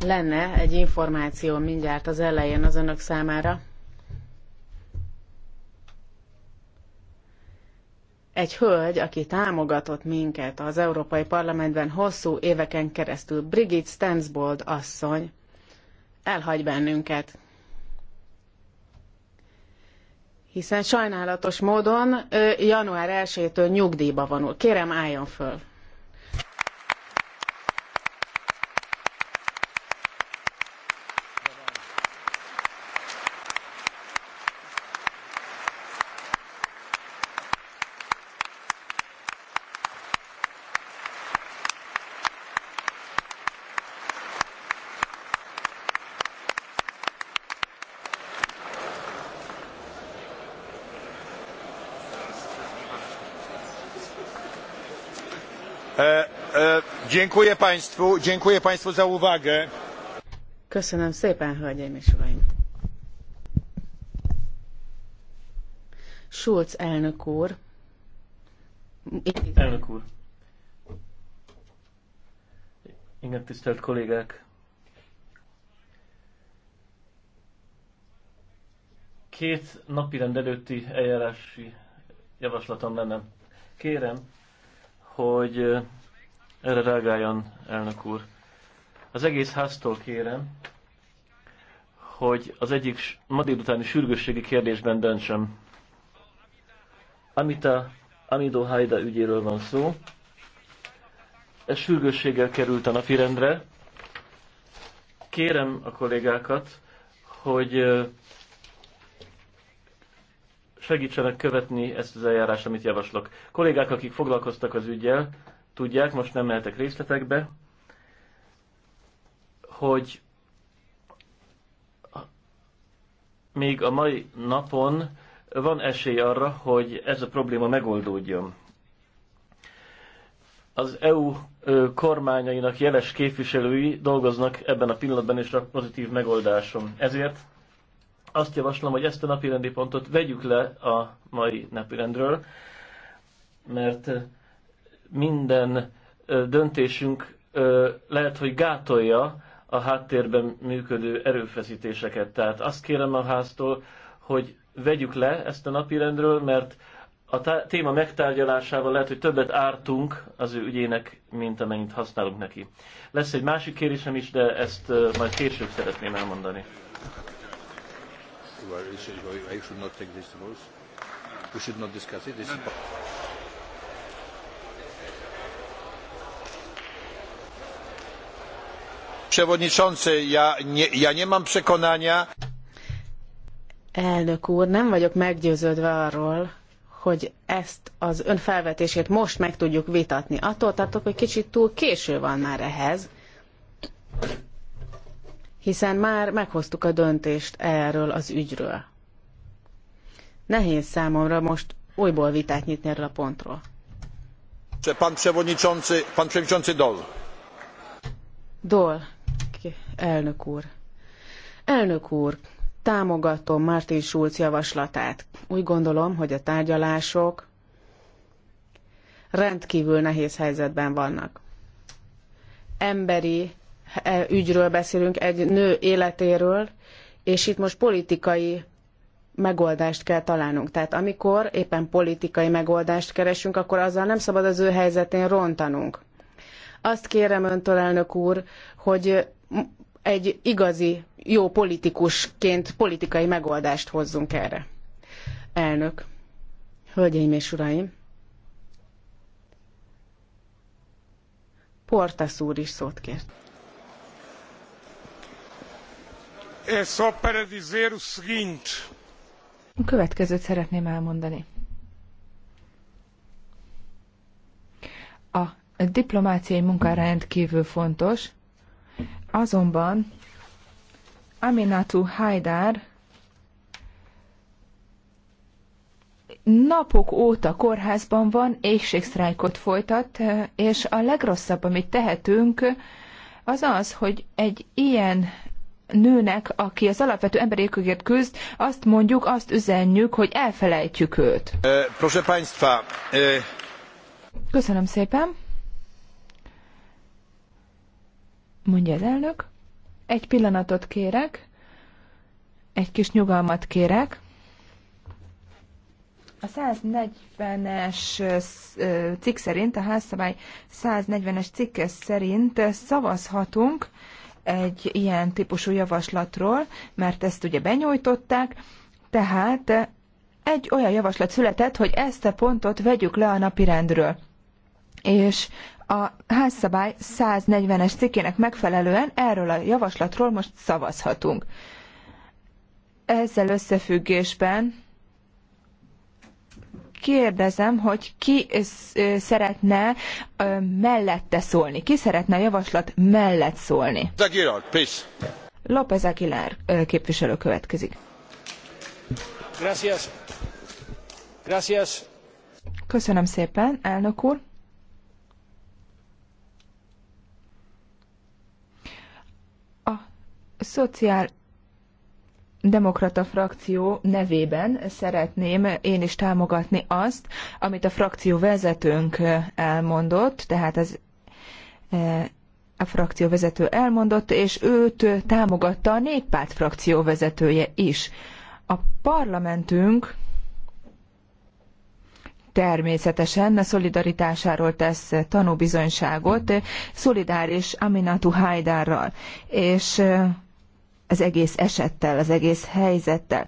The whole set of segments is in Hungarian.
Lenne egy információ mindjárt az elején az önök számára. Egy hölgy, aki támogatott minket az Európai Parlamentben hosszú éveken keresztül, Brigitte Stensbold asszony, elhagy bennünket. Hiszen sajnálatos módon január one jétől nyugdíjba vonul. Kérem, álljon föl! Dziękuję Państwu, dziękuję Państwu za uwagę. Köszönöm szépen, hölgyeim és uraim. Schulz elnök úr. Elnök úr. Igen, tisztelt kollégák. Két napi rend előtti eljárási javaslatom lenne. Kérem, hogy erre reagáljon, elnök úr. Az egész háztól kérem, hogy az egyik ma délutáni sürgősségi kérdésben döntsem. Amita Amido Haida ügyéről van szó. Ez sürgősséggel került a napirendre. Kérem a kollégákat, hogy segítsenek követni ezt az eljárást, amit javaslok. Kollégák, akik foglalkoztak az ügyel, tudják, most nem mehetek részletekbe, hogy még a mai napon van esély arra, hogy ez a probléma megoldódjon. Az EU kormányainak jeles képviselői dolgoznak ebben a pillanatban is a pozitív megoldáson. Ezért azt javaslom, hogy ezt a napirendi pontot vegyük le a mai napirendről, mert minden döntésünk lehet, hogy gátolja a háttérben működő erőfeszítéseket. Tehát azt kérem a háztól, hogy vegyük le ezt a napirendről, mert a téma megtárgyalásával lehet, hogy többet ártunk az ő ügyének, mint amennyit használunk neki. Lesz egy másik kérésem is, de ezt majd később szeretném elmondani. Well, Przewodniczący, ja nie, ja nie mam przekonania. Elnök úr, nem vagyok meggyőződve arról, hogy ezt az ön felvetését most meg tudjuk vitatni. Attól tartok, hogy kicsit túl késő van már ehhez, hiszen már meghoztuk a döntést erről az ügyről. Nehéz számomra most újból vitát nyitni erről a pontról. Pan przewodniczący, pan przewodniczący Dol. Dol elnök úr! Elnök úr, támogatom Martin Schulz javaslatát. Úgy gondolom, hogy a tárgyalások rendkívül nehéz helyzetben vannak. Emberi e, ügyről beszélünk, egy nő életéről, és itt most politikai megoldást kell találnunk. Tehát amikor éppen politikai megoldást keresünk, akkor azzal nem szabad az ő helyzetén rontanunk. Azt kérem öntől, elnök úr, hogy egy igazi jó politikusként politikai megoldást hozzunk erre. Elnök, hölgyeim és uraim, Portas úr is szót kért. para dizer o seguinte. A következőt szeretném elmondani. A diplomáciai munka rendkívül fontos, Azonban Aminatu Haidar napok óta kórházban van, éjségsztrájkot folytat, és a legrosszabb, amit tehetünk, az az, hogy egy ilyen nőnek, aki az alapvető emberi jogokért küzd, azt mondjuk, azt üzenjük, hogy elfelejtjük őt. Eh, proszę Państwa. Eh, Köszönöm szépen. mondja az elnök. Egy pillanatot kérek, egy kis nyugalmat kérek. A 140-es cikk szerint, a házszabály 140-es cikke szerint szavazhatunk egy ilyen típusú javaslatról, mert ezt ugye benyújtották, tehát egy olyan javaslat született, hogy ezt a pontot vegyük le a napirendről. És a házszabály 140-es cikkének megfelelően erről a javaslatról most szavazhatunk. Ezzel összefüggésben kérdezem, hogy ki szeretne mellette szólni, ki szeretne a javaslat mellett szólni. López Aguilar képviselő következik. Gracias. Gracias. Köszönöm szépen, elnök úr. szociál demokrata frakció nevében szeretném én is támogatni azt, amit a frakció vezetőnk elmondott, tehát az e, a frakció vezető elmondott, és őt támogatta a néppárt frakció vezetője is. A parlamentünk természetesen a szolidaritásáról tesz tanúbizonyságot szolidáris Aminatu Hajdárral, és az egész esettel, az egész helyzettel.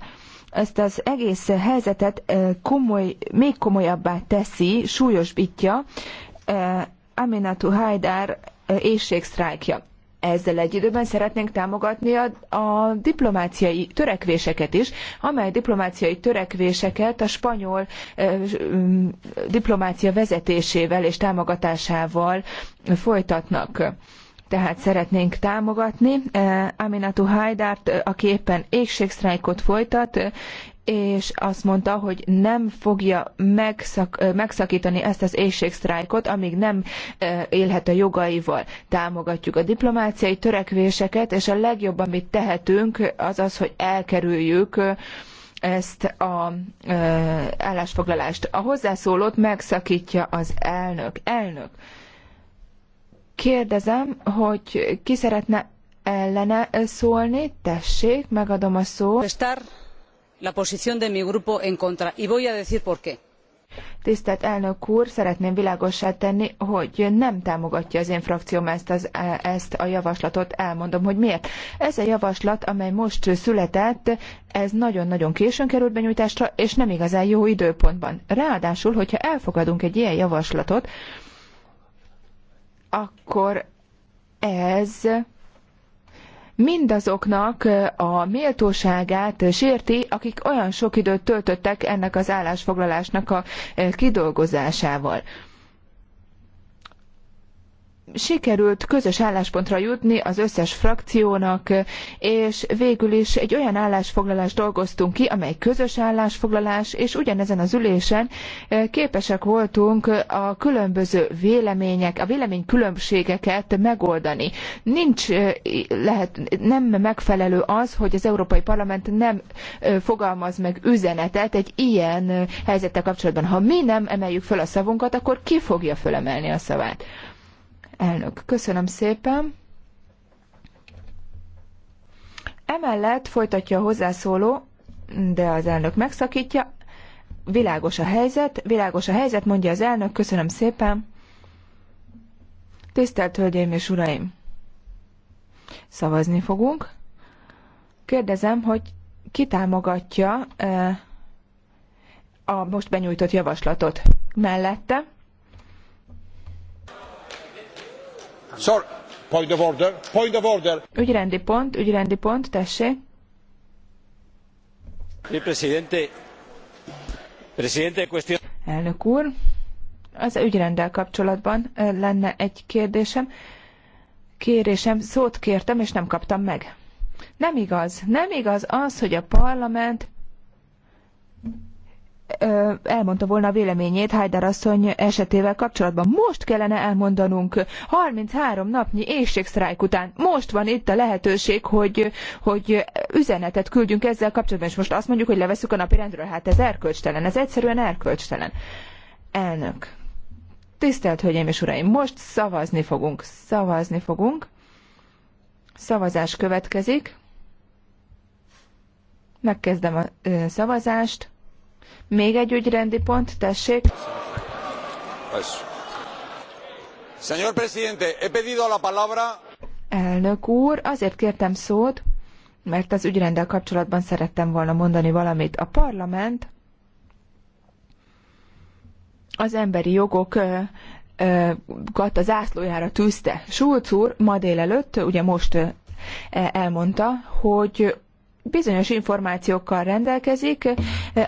Ezt az egész helyzetet komoly, még komolyabbá teszi, súlyosbítja Aminatu Haidar éjségsztrájkja. Ezzel egy időben szeretnénk támogatni a, a diplomáciai törekvéseket is, amely diplomáciai törekvéseket a spanyol ö, ö, diplomácia vezetésével és támogatásával folytatnak tehát szeretnénk támogatni eh, Aminatu Hajdárt, eh, aki éppen éjségsztrájkot folytat, eh, és azt mondta, hogy nem fogja megszak, megszakítani ezt az éjségsztrájkot, amíg nem élhet a jogaival. Támogatjuk a diplomáciai törekvéseket, és a legjobb, amit tehetünk, az az, hogy elkerüljük ezt a állásfoglalást. A hozzászólót megszakítja az elnök. Elnök! Kérdezem, hogy ki szeretne ellene szólni, tessék, megadom a szót. La posición de mi grupo en contra, y voy a decir por qué. Tisztelt elnök úr, szeretném világossá tenni, hogy nem támogatja az én frakcióm ezt, az, ezt a javaslatot. Elmondom, hogy miért. Ez a javaslat, amely most született, ez nagyon-nagyon későn került benyújtásra, és nem igazán jó időpontban. Ráadásul, hogyha elfogadunk egy ilyen javaslatot, akkor ez mindazoknak a méltóságát sérti, akik olyan sok időt töltöttek ennek az állásfoglalásnak a kidolgozásával sikerült közös álláspontra jutni az összes frakciónak, és végül is egy olyan állásfoglalást dolgoztunk ki, amely közös állásfoglalás, és ugyanezen az ülésen eh, képesek voltunk a különböző vélemények, a véleménykülönbségeket megoldani. Nincs eh, lehet, nem megfelelő az, hogy az Európai Parlament nem eh, fogalmaz meg üzenetet egy ilyen helyzettel kapcsolatban. Ha mi nem emeljük föl a szavunkat, akkor ki fogja fölemelni a szavát? Elnök, köszönöm szépen. Emellett folytatja a hozzászóló, de az elnök megszakítja. Világos a helyzet, világos a helyzet, mondja az elnök, köszönöm szépen. Tisztelt Hölgyeim és Uraim! Szavazni fogunk. Kérdezem, hogy ki támogatja eh, a most benyújtott javaslatot mellette? Sorry. Point of order. Point of order. Ügyrendi pont, ügyrendi pont, tessék. Presidente. Presidente, question... Elnök úr, az ügyrendel kapcsolatban lenne egy kérdésem. Kérésem, szót kértem, és nem kaptam meg. Nem igaz, nem igaz az, hogy a parlament elmondta volna a véleményét Hajdar asszony esetével kapcsolatban. Most kellene elmondanunk, 33 napnyi éjségsztrájk után, most van itt a lehetőség, hogy, hogy üzenetet küldjünk ezzel kapcsolatban, és most azt mondjuk, hogy leveszük a napirendről. Hát ez erkölcstelen, ez egyszerűen erkölcstelen. Elnök. Tisztelt Hölgyeim és Uraim, most szavazni fogunk, szavazni fogunk. Szavazás következik. Megkezdem a szavazást. Még egy ügyrendi pont, tessék. Señor presidente, he pedido la palabra. Elnök úr, azért kértem szót, mert az ügyrendel kapcsolatban szerettem volna mondani valamit. A parlament az emberi jogok, jogokat a zászlójára tűzte. Schulz úr ma délelőtt, ugye most e, elmondta, hogy bizonyos információkkal rendelkezik, eh,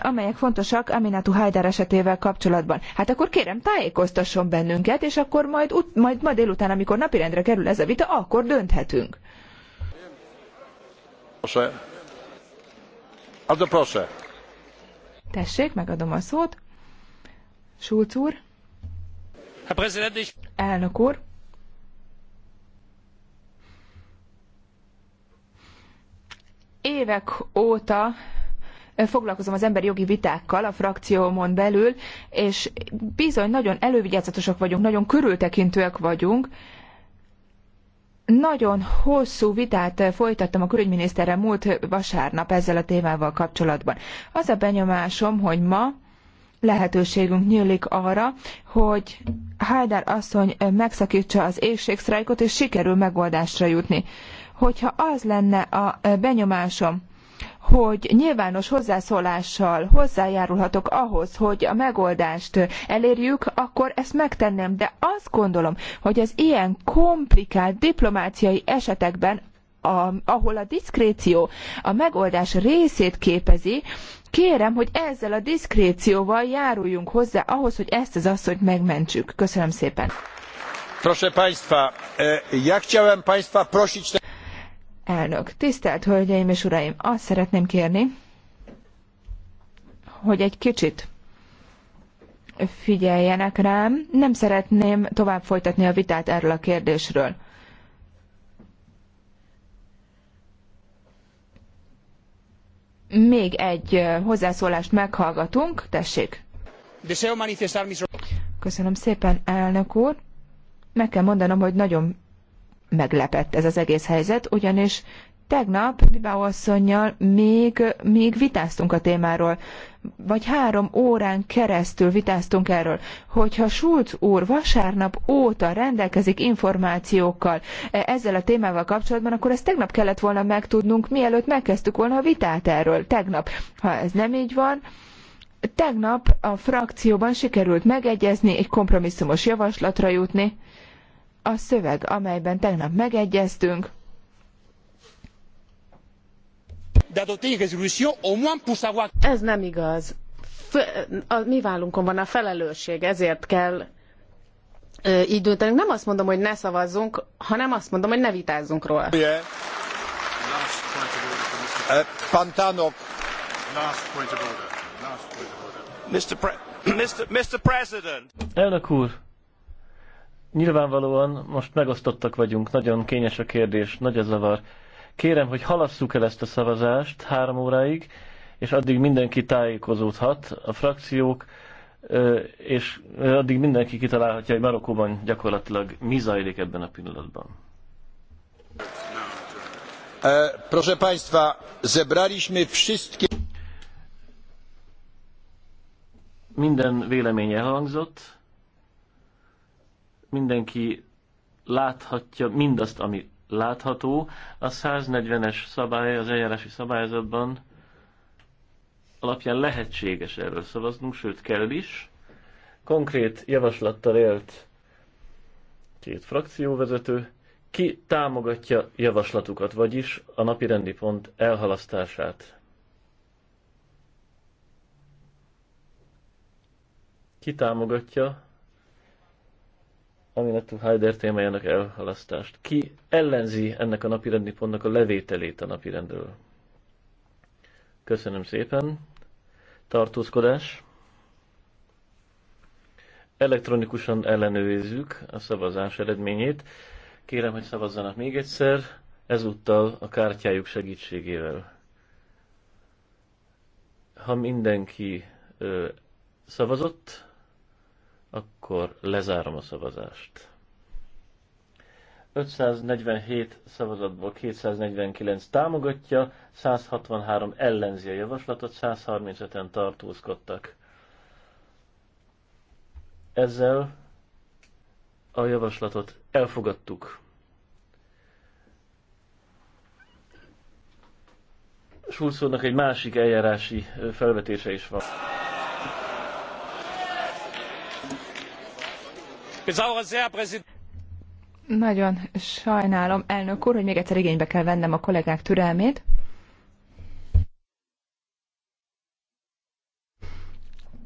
amelyek fontosak Aminatu Hajdár esetével kapcsolatban. Hát akkor kérem, tájékoztasson bennünket, és akkor majd, majd ma délután, amikor napirendre kerül ez a vita, akkor dönthetünk. Proszę. Tessék, megadom a szót. Schulz úr. Herr Präsident, ich... Elnök úr. évek óta foglalkozom az emberi jogi vitákkal a frakciómon belül, és bizony nagyon elővigyázatosak vagyunk, nagyon körültekintőek vagyunk. Nagyon hosszú vitát folytattam a külügyminiszterrel múlt vasárnap ezzel a témával kapcsolatban. Az a benyomásom, hogy ma lehetőségünk nyílik arra, hogy Hajdár asszony megszakítsa az éjségsztrájkot, és sikerül megoldásra jutni hogyha az lenne a benyomásom, hogy nyilvános hozzászólással hozzájárulhatok ahhoz, hogy a megoldást elérjük, akkor ezt megtenném. De azt gondolom, hogy az ilyen komplikált diplomáciai esetekben, a, ahol a diszkréció a megoldás részét képezi, kérem, hogy ezzel a diszkrécióval járuljunk hozzá ahhoz, hogy ezt az asszonyt megmentsük. Köszönöm szépen. Proszę Państwa, e, ja chciałem Państwa prosić elnök. Tisztelt Hölgyeim és Uraim, azt szeretném kérni, hogy egy kicsit figyeljenek rám. Nem szeretném tovább folytatni a vitát erről a kérdésről. Még egy hozzászólást meghallgatunk. Tessék! Köszönöm szépen, elnök úr. Meg kell mondanom, hogy nagyon meglepett ez az egész helyzet, ugyanis tegnap Bibá asszonynal még, még vitáztunk a témáról, vagy három órán keresztül vitáztunk erről, hogyha Schulz úr vasárnap óta rendelkezik információkkal e, ezzel a témával kapcsolatban, akkor ezt tegnap kellett volna megtudnunk, mielőtt megkezdtük volna a vitát erről, tegnap. Ha ez nem így van, tegnap a frakcióban sikerült megegyezni, egy kompromisszumos javaslatra jutni, a szöveg, amelyben tegnap megegyeztünk, ez nem igaz. F a mi vállunkon van a felelősség, ezért kell ö, így döntenünk. Nem azt mondom, hogy ne szavazzunk, hanem azt mondom, hogy ne vitázzunk róla. Pantanok. Mr. Pre Mr. Mr. President. Elnök úr, Nyilvánvalóan most megosztottak vagyunk, nagyon kényes a kérdés, nagy a zavar. Kérem, hogy halasszuk el ezt a szavazást három óráig, és addig mindenki tájékozódhat, a frakciók, és addig mindenki kitalálhatja, hogy Marokkóban gyakorlatilag mi zajlik ebben a pillanatban. E, proszę Państwa, zebraliśmy wszystkie... Minden véleménye hangzott mindenki láthatja mindazt, ami látható. A 140-es szabály az eljárási szabályzatban alapján lehetséges erről szavaznunk, sőt kell is. Konkrét javaslattal élt két frakcióvezető, ki támogatja javaslatukat, vagyis a napi rendi pont elhalasztását. Ki támogatja ami a Heider témájának elhalasztást. Ki ellenzi ennek a napirendi pontnak a levételét a napirendről? Köszönöm szépen. Tartózkodás. Elektronikusan ellenőrizzük a szavazás eredményét. Kérem, hogy szavazzanak még egyszer, ezúttal a kártyájuk segítségével. Ha mindenki ö, szavazott, akkor lezárom a szavazást. 547 szavazatból 249 támogatja, 163 ellenzi a javaslatot, 135-en tartózkodtak. Ezzel a javaslatot elfogadtuk. Schulz egy másik eljárási felvetése is van. Nagyon sajnálom, elnök úr, hogy még egyszer igénybe kell vennem a kollégák türelmét.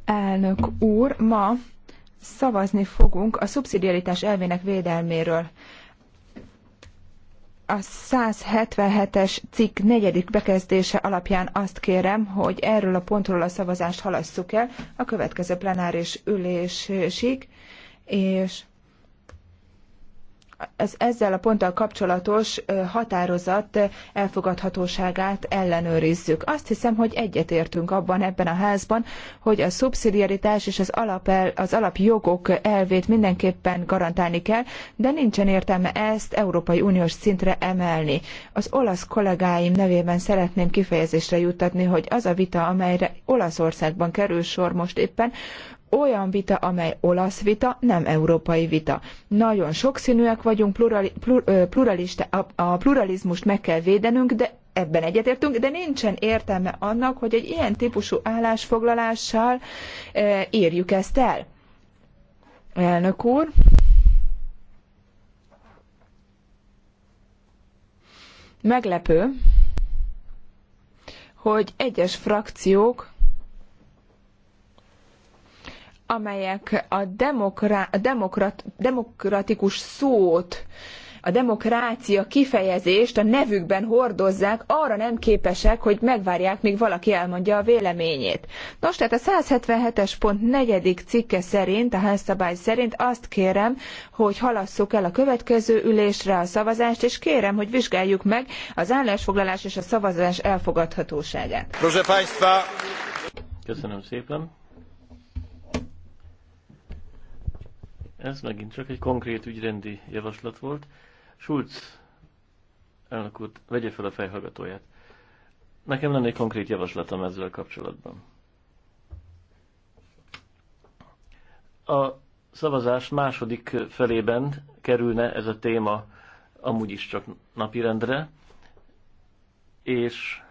Elnök úr, ma szavazni fogunk a szubszidiaritás elvének védelméről. A 177-es cikk negyedik bekezdése alapján azt kérem, hogy erről a pontról a szavazást halasszuk el a következő plenáris ülésig és ez, ezzel a ponttal kapcsolatos határozat elfogadhatóságát ellenőrizzük. Azt hiszem, hogy egyetértünk abban ebben a házban, hogy a szubszidiaritás és az, el, az alapjogok elvét mindenképpen garantálni kell, de nincsen értelme ezt Európai Uniós szintre emelni. Az olasz kollégáim nevében szeretném kifejezésre juttatni, hogy az a vita, amelyre Olaszországban kerül sor most éppen, olyan vita, amely olasz vita, nem európai vita. Nagyon sokszínűek vagyunk, plurali, plur, a, a pluralizmust meg kell védenünk, de ebben egyetértünk, de nincsen értelme annak, hogy egy ilyen típusú állásfoglalással e, írjuk ezt el. Elnök úr. Meglepő, hogy egyes frakciók amelyek a, demokra, demokrat, demokratikus szót, a demokrácia kifejezést a nevükben hordozzák, arra nem képesek, hogy megvárják, míg valaki elmondja a véleményét. Nos, tehát a 177-es pont negyedik cikke szerint, a házszabály szerint azt kérem, hogy halasszuk el a következő ülésre a szavazást, és kérem, hogy vizsgáljuk meg az állásfoglalás és a szavazás elfogadhatóságát. Köszönöm szépen! Ez megint csak egy konkrét ügyrendi javaslat volt. Schulz elnök úr, vegye fel a fejhallgatóját. Nekem lenne egy konkrét javaslatom ezzel kapcsolatban. A szavazás második felében kerülne ez a téma amúgy is csak napirendre, és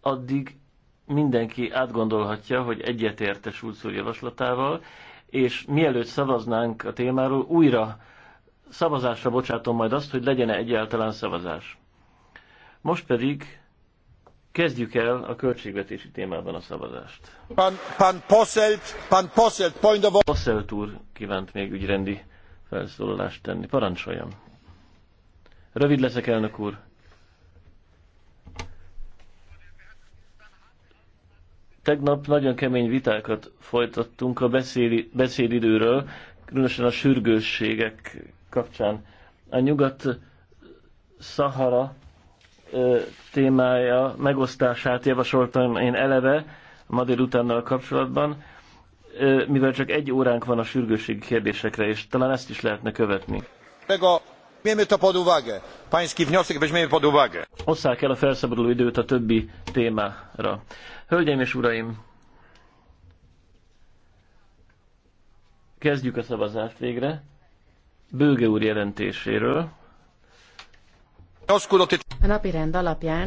addig mindenki átgondolhatja, hogy egyetérte Schulz úr javaslatával, és mielőtt szavaznánk a témáról, újra szavazásra bocsátom majd azt, hogy legyen -e egyáltalán szavazás. Most pedig kezdjük el a költségvetési témában a szavazást. Pan, pan Posselt, pan Posselt, point of... Posselt úr kívánt még ügyrendi felszólalást tenni. Parancsoljam. Rövid leszek, elnök úr. Tegnap nagyon kemény vitákat folytattunk a beszéli, beszélidőről, különösen a sürgősségek kapcsán. A Nyugat-Szahara témája megosztását javasoltam én eleve ma délutánnal kapcsolatban, mivel csak egy óránk van a sürgősségi kérdésekre, és talán ezt is lehetne követni. Meg a Osszák el a felszabaduló időt a többi témára. Hölgyeim és uraim, kezdjük a szavazást végre. Bőge úr jelentéséről. A napirend alapján